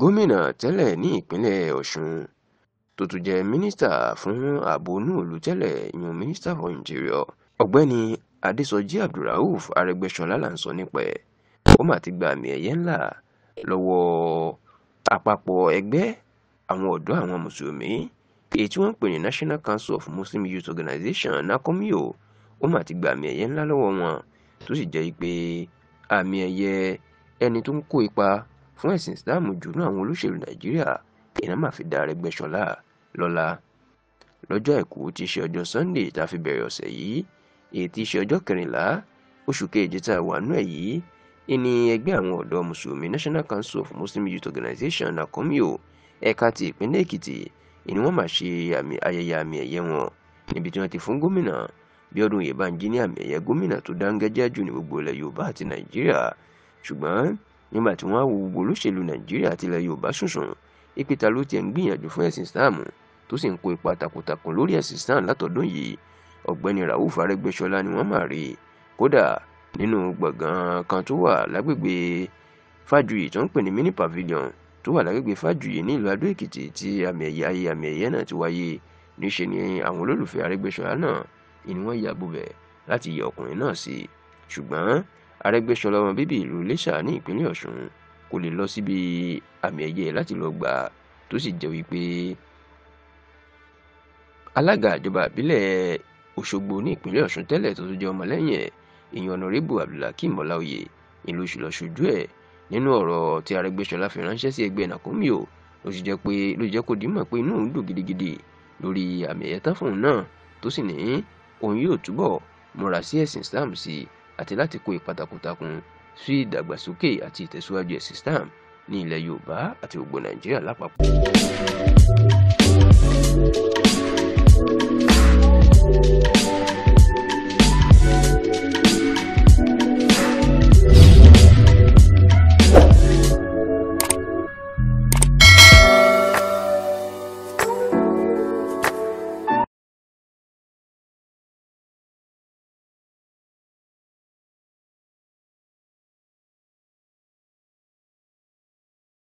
gómìnà tẹ́lẹ̀ ní ìpínlẹ̀ ọ̀ṣun tó tún jẹ́ mínísítà fún ààbò inú tẹ́lẹ̀ yan mínísítà for interior ọ̀gbẹ́ni adésọjí abdulrauf arẹgbẹ́sọlá là ń sọ nípa ẹ̀ ó mà ti gba àmì ẹ̀yẹ ńlá lọ́wọ́ àpapọ̀ ẹgbẹ́ àwọn ọ̀dọ́ àwọn mùsùlùmí èyí tí wọ́n ń pè ní national council of muslim youth organization nakomio ó mà ti gba àmì ẹ̀yẹ ńlá lọ́wọ́ wọn tó sì jẹ́ pé àmì ẹ̀yẹ ẹni tó ń kó ipa fún ẹ̀sìn Islam jùnú àwọn olóṣèlú Nàìjíríà iná máa fi da Arẹ́gbẹ́ṣọlá lọ́lá lọ́jọ́ àìkú tí í ṣe ọjọ́ Sunday tá a fi bẹ̀rẹ̀ ọ̀sẹ̀ yìí èyí tí í ṣe ọjọ́ kẹrìnlá oṣù kejì tá wà nú ẹ̀ yìí ìní ẹgbẹ́ àwọn ọ̀dọ́ mùsùlùmí National Council of Muslim Youth Organization NACOMYO ẹ̀ka ti ìpínlẹ̀ Èkìtì ìní wọ́n máa ṣe ayẹyẹ àmì ẹ̀yẹ wọn níbi tí wọ́n ti fún gómìnà Bíọ́dún Oyèbánjí ní àmì ẹ̀yẹ gómìnà tó dáńgájíá jù ní gbogbo ilẹ̀ Yorùbá àti Nàìjíríà ṣùgbọ́n nígbà tí wọ́n á wo gbogbo olóṣèlú nàìjíríà àti ilẹ̀ yorùbá ṣùṣùn ìpìtà ló tiẹ̀ ń gbìyànjú fún ẹ̀sìn islam tó sì ń kó ipa takuntakun lórí ẹ̀sìn islam látọ̀dún yìí ọ̀gbẹ́ni rauf arẹ́gbẹ́ṣọlá ni wọ́n máa rí kódà nínú gbọ̀ngàn kan tó wà lágbègbè fájuyì tó ń pè ní mini pavilion tó wà lágbègbè fájuyì ní ìlú adó èkìtì tí àmì ẹ̀yẹ ayé àmì ẹ̀yẹ náà ti wáyé níṣẹ́ ni àwọn olólùfẹ́ arẹ́gbẹ́ṣọlá náà ni yàgbọ́ bẹ̀ láti yẹ ọkùnrin náà sí ṣùgbọ́n Arẹ́gbẹ́ṣọlá ọmọ bíbí ìlú Iléṣà ní ìpínlẹ̀ Ọ̀ṣun kò lè lọ síbi àmì ẹ̀yẹ láti lọ gbà tó sì jẹ́ wípé alága ìjọba ìbílẹ̀ Òṣogbo ní ìpínlẹ̀ Ọ̀ṣun tẹ́lẹ̀ tó tún jẹ́ ọmọlẹ́yìn ẹ̀ ìyẹn ọ̀nàrẹ́bù Abdulhakeem Ọláoyè ìlú ṣùlọ ṣojú ẹ̀ nínú ọ̀rọ̀ tí Arẹ́gbẹ́ṣọlá fi ránṣẹ́ sí ẹgbẹ́ Nàkúmíò ló ti jẹ́ pé ló jẹ́ kó dìímọ̀ pé inú òun dùn gidigidi lórí àmì ẹ̀yẹ tán fóun náà tó sì ní òun yóò túbọ̀ múra sí ẹ̀sìn Islam sí i àti láti kó ipa takuntakun sí ìdàgbàsókè àti ìtẹ̀síwájú ẹ̀sìn Islam ní ilẹ̀ Yorùbá àti gbogbo Nàìjíríà lápapọ̀.